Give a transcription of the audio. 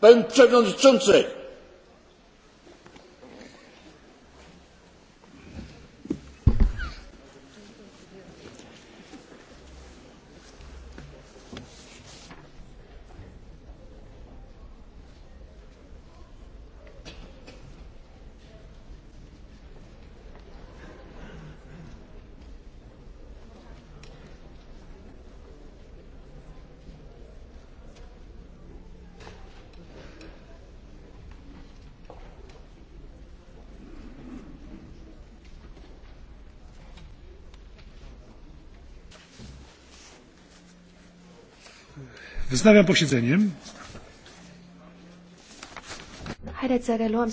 Pan Przewodniczący! Wznawiam posiedzenie. Haideți să reluăm